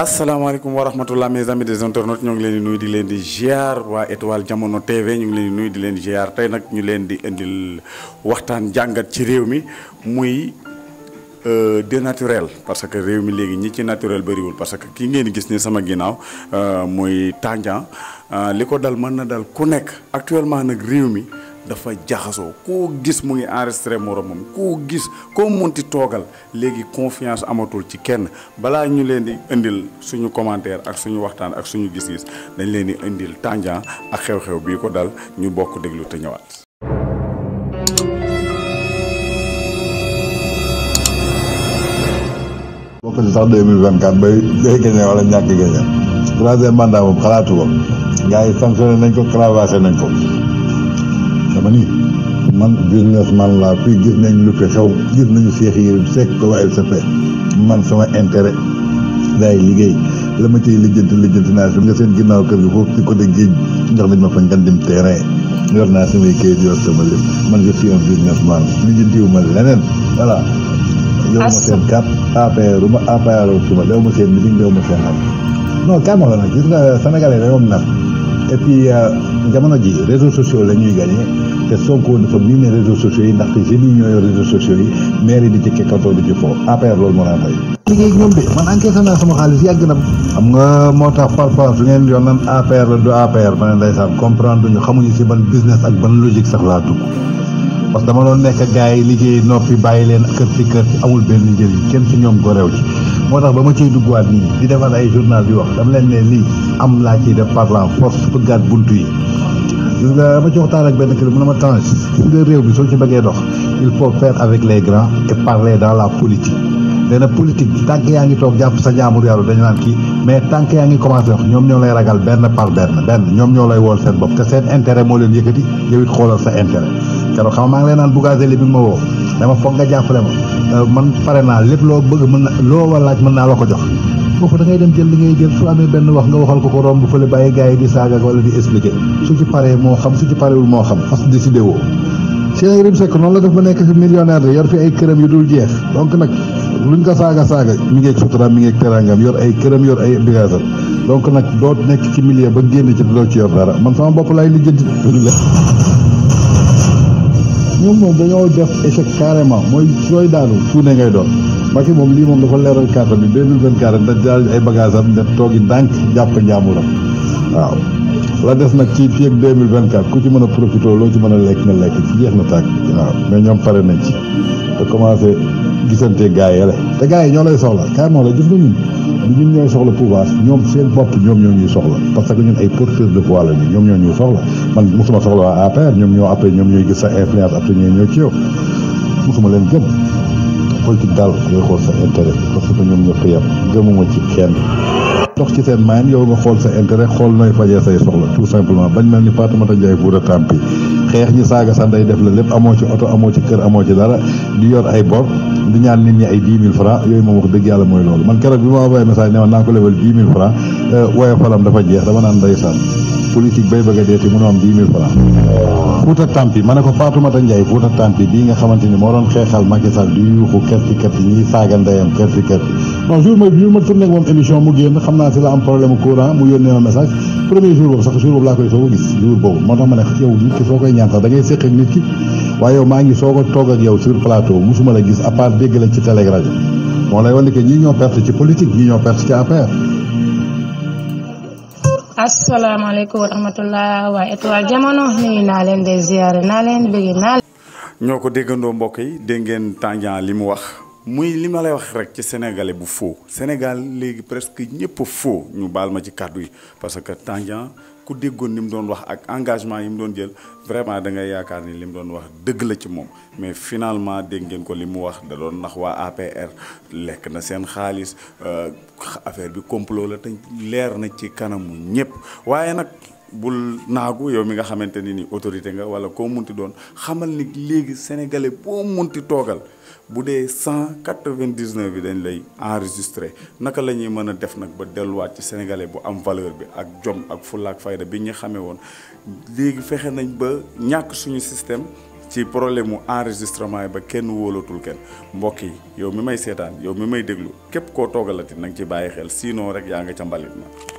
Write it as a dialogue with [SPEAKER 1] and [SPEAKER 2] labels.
[SPEAKER 1] asalaamaaleykum wa rahmatullah mes amis des internautes ñoo ngi leen di nuyu di leen di ziar waa étoile jamono TV ñu ngi leen di nuyu di leen di tey nag ñu leen di indil waxtaan jàngat ci réew mi muy euh, dénaturel parce que réew mi léegi ñi ci naturel bëriwul parce que kii ngeen gis ni sama ginnaaw euh, muy Tandian euh, li ko dal mën na dal ku nekk actuellement nag réew mi. dafa jaxasoo koo gis mu ngi enregistré moromam koo gis koo munti toogal léegi confiance amatul ci kenn balaa ñu leen di indil suñu commentaire ak suñu waxtaan ak suñu gis-gis dañ leen di indil tànjaan ak xew-xew bii ko dal ñu bokk déglu te ñëwaat.
[SPEAKER 2] bokk ci sax 2024 bay day wala ñàkk gañe troisième mandat moom xalaatu ko gars yi nañ ko cravaché nañ ko. xama ni man businessman laa fii gis nañ lu fi xew gis nañu Cheikh Yérim Seck ko waayel sa fee man sama intérêt laay liggéey la ma ciy lijjanti lijjanti naa si nga seen ginnaaw kër gi foofu ci côté géej ndax nañ ma fa ngandim terrain yor naa samay kayit yor sama lépp man je suis un businessman lijjantiwu ma leneen voilà yow ma seen carte APR ma APR suma dew ma seen meeting dew ma seen am non calme la nag gis nga sénégalais da moom nar et puis euh, jamono ji réseaux sociaux la ñuy gagné te Sonko dafa miine réseaux sociaux yi ndaxte jeunes yi ñoo yor réseaux sociaux yi liggéey ñoom de man enquête naa sama xaalis yàgg na xam nga moo tax par rapport su ngeen yoon nan APR la du APR ma ne ndeysaan comprendre ñu xamuñu si ban business ak ban logique sax laa dugg par que dama doon nekk gars yi liggéey noppi bàyyi leen kër ci kër ci amul benn njëriñ kenn ci ñoom gorew ci moo tax ba ma ciy duggaat nii di defal ay journal di wax dama leen ne nii am laa ciy def par la force bëggaat buntu yi gis nga ma ci waxtaan ak benn kër mu ne ma Tange gis nga réew bi soo ci bëggee dox il faut faire avec les grands et parler dans la politique nee na politique tànk yaa ngi toog jàpp sa jaamur yàlla dañu naan kii mais tànk yaa ngi commencé wax ñoom ñoo lay ragal benn par benn benn ñoom ñoo lay wool seen bopp te seen intérêt moo leen yëkkati yow xoolal sa intérêt keroog xam nga maa ngi lay naan Bougazelli bi nga ma woo dama foog nga jàppale ma euh, man pare naa lépp loo bëgg mën na loo war laaj mën naa la ko jox foofu da ngay dem jël li ngay jël su amee benn wax nga waxal ko ko romb fële bàyyi gars yi di saaga wala di expliquer su ci paree moo xam su ci parewul moo xam parce que décidé woo Cheikh Yérim Seck noonu la def ba nekk fi millionnaire la yor fi ay këram yu dul jeex donc nag luñ ko saaga saaga mi ngi ak suturaam mi ngi ak teraangam yor ay këram yor ay bigasam donc nag doo nekk ci milieu ba génn ci doo ci yor dara man sama bopp laay lijjanti ñoom moom dañoo def échec carrément mooy sooy daanu fu ne ngay doon Macky moom lii moom dafa leeral carte bi 2024 da daal ay bagages am da toogi ndànk jàpp njàmburam waaw la des nag ci fii ak 2024 ku ci mën a profité loo ci mën a lekk nga lekk ci jeex na tàkk waaw mais ñoom pare nañ ci te commencé gisante gars yi te gars yi ñoo lay soxla moo la gis nga ñun du ñun ñooy soxla pouvoir ñoom seen bopp ñoom ñoo ñuy soxla parce que ñun ay porteurs de pouvoir la ñu ñoom ñoo ñuy soxla man mosuma soxla waa APR ñoom ñoo après ñoom ñooy gis sa influence après ñooy ñëw ci yow mosuma leen gëm politique daal ngay xool sa intérêt parce que ñoom ñëpp yem gëmuma ci seen mayen yow nga xool sa intérêt xool nooy fajee say soxla tout simplement bañ mel ni Fatoumata Ndiaye buura tampi xeex ñi saaga sa ndey def la lépp amoo ci oto amoo ci kër amoo ci dara di yor ay bor di ñaan nit ñi ay dix mille francs yooyu moom wax dëgg yàlla mooy loolu man keroog bi ma envoyé message ne ma naa ko lebal dix mille francs euh, waaye falam dafa jeex dama naan ndeysaan politique bay bëgg a dee te mënoo am dix mille francs Fouta Tampi ma ko Fatoumata Ndiaye Fouta Tampi bii nga xamante ni moo doon xeexal Macky Sall di yuuxu kerti kerti ñiy saaga ndeyam kerti kerti non jour mooy jour ma tourné moom émission mu génn xam naa si la am problème courant mu yónnee ma message premier jour boobu sax jour boobu laa koy soog a gis jour boobu moo tax ma ne yow nit ki soo koy ñaan sax da ngay nit ki waaye maa ngi soog a toog ak yow
[SPEAKER 1] asalaamaaleykum wa rahmatullah waa étoile jamono nuyu naa leen de ziare naa leen bëgg naa ñoo ko déggandoo mbokk yi dégg ngeen li mu wax muy li ma lay wax rek ci sénégalais bu faux Sénégal léegi presque ñëpp faux ñu baal ma ci kàddu yi parce que Tandian ku déggoon ni mu doon wax ak engagement yi mu doon jël vraiment da ngay yaakaar ni li mu doon wax dëgg la ci moom mais finalement dégg ngeen ko li mu wax da doon nax waa APR lekk na seen xaalis euh, affaire bi complot la te leer na ci kanamu ñëpp waaye nag bul naagu yow mi nga xamante ni ni autorité nga wala koo munti doon xamal ni léegi sénégalais boo munti toogal bu dee cent quatre-vingt-dix-neuf bi dañ lay enregistré naka la ñuy mën a def nag ba delluwaat ci sénégalais bu am valeur bi ak jom ak fulla ak fayda bi ñu xamee woon léegi fexe nañ ba ñàkk suñu système ci problème mu enregistrement yi ba kenn wóolatul kenn mbokk yi yow mi may seetaan yow mi may déglu képp koo toogalati na nga ci bàyyi xel sinon rek yaa nga ca mbalit ma